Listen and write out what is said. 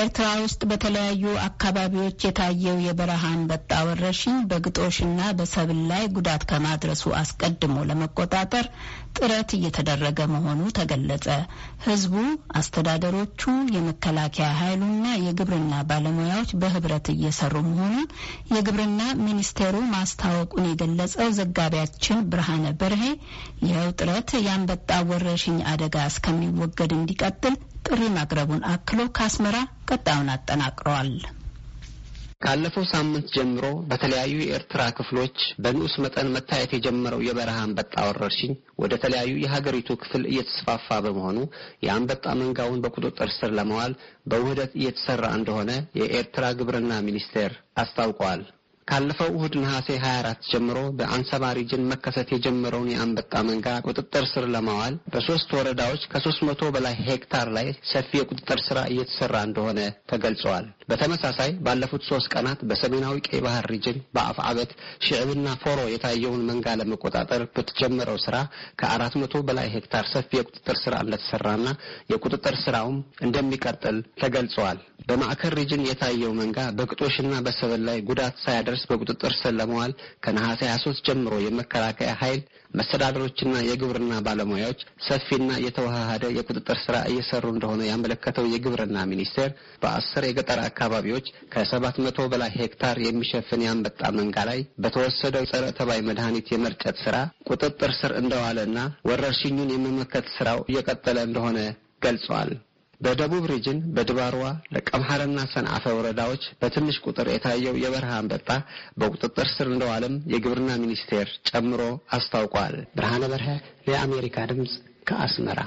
ኤርትራ ውስጥ በተለያዩ አካባቢዎች የታየው የበረሃ አንበጣ ወረርሽኝ በግጦሽና በሰብል ላይ ጉዳት ከማድረሱ አስቀድሞ ለመቆጣጠር ጥረት እየተደረገ መሆኑ ተገለጸ። ሕዝቡ፣ አስተዳደሮቹ፣ የመከላከያ ኃይሉና የግብርና ባለሙያዎች በህብረት እየሰሩ መሆኑን የግብርና ሚኒስቴሩ ማስታወቁን የገለጸው ዘጋቢያችን ብርሃነ በርሄ ይኸው ጥረት የአንበጣ ወረርሽኝ አደጋ እስከሚወገድ እንዲቀጥል ጥሪ ማቅረቡን አክሎ ከአስመራ ቀጣዩን አጠናቅረዋል። ካለፈው ሳምንት ጀምሮ በተለያዩ የኤርትራ ክፍሎች በንዑስ መጠን መታየት የጀመረው የበረሃ አንበጣ ወረርሽኝ ወደ ተለያዩ የሀገሪቱ ክፍል እየተስፋፋ በመሆኑ የአንበጣ መንጋውን በቁጥጥር ስር ለመዋል በውህደት እየተሰራ እንደሆነ የኤርትራ ግብርና ሚኒስቴር አስታውቋል። ካለፈው እሁድ ነሐሴ 24 ጀምሮ በአንሰባ ሪጅን መከሰት የጀመረውን የአንበጣ መንጋ ቁጥጥር ስር ለማዋል በሶስት ወረዳዎች ከሶስት መቶ በላይ ሄክታር ላይ ሰፊ የቁጥጥር ስራ እየተሰራ እንደሆነ ተገልጸዋል። በተመሳሳይ ባለፉት ሶስት ቀናት በሰሜናዊ ቀይ ባህር ሪጅን በአፍ አበት ሽዕብና ፎሮ የታየውን መንጋ ለመቆጣጠር በተጀመረው ስራ ከአራት መቶ በላይ ሄክታር ሰፊ የቁጥጥር ስራ እንደተሰራና የቁጥጥር ስራውም እንደሚቀጥል ተገልጸዋል። በማዕከል ሪጅን የታየው መንጋ በግጦሽና በሰብል ላይ ጉዳት ሳያደርስ እንዳይደርስ በቁጥጥር ስር ለመዋል ከነሐሴ 23 ጀምሮ የመከላከያ ኃይል መስተዳደሮችና የግብርና ባለሙያዎች ሰፊና የተዋሃደ የቁጥጥር ስራ እየሰሩ እንደሆነ ያመለከተው የግብርና ሚኒስቴር በአስር የገጠር አካባቢዎች ከሰባት መቶ በላይ ሄክታር የሚሸፍን የአንበጣ መንጋ ላይ በተወሰደው ጸረ ተባይ መድኃኒት የመርጨት ስራ ቁጥጥር ስር እንደዋለና ወረርሽኙን የመመከት ስራው እየቀጠለ እንደሆነ ገልጿል። በደቡብ ሪጅን በድባርዋ ለቀምሐርና ሰንአፈ ወረዳዎች በትንሽ ቁጥር የታየው የበረሃ አንበጣ በቁጥጥር ስር እንደዋለም የግብርና ሚኒስቴር ጨምሮ አስታውቋል። ብርሃነ በርሀ ለአሜሪካ ድምፅ ከአስመራ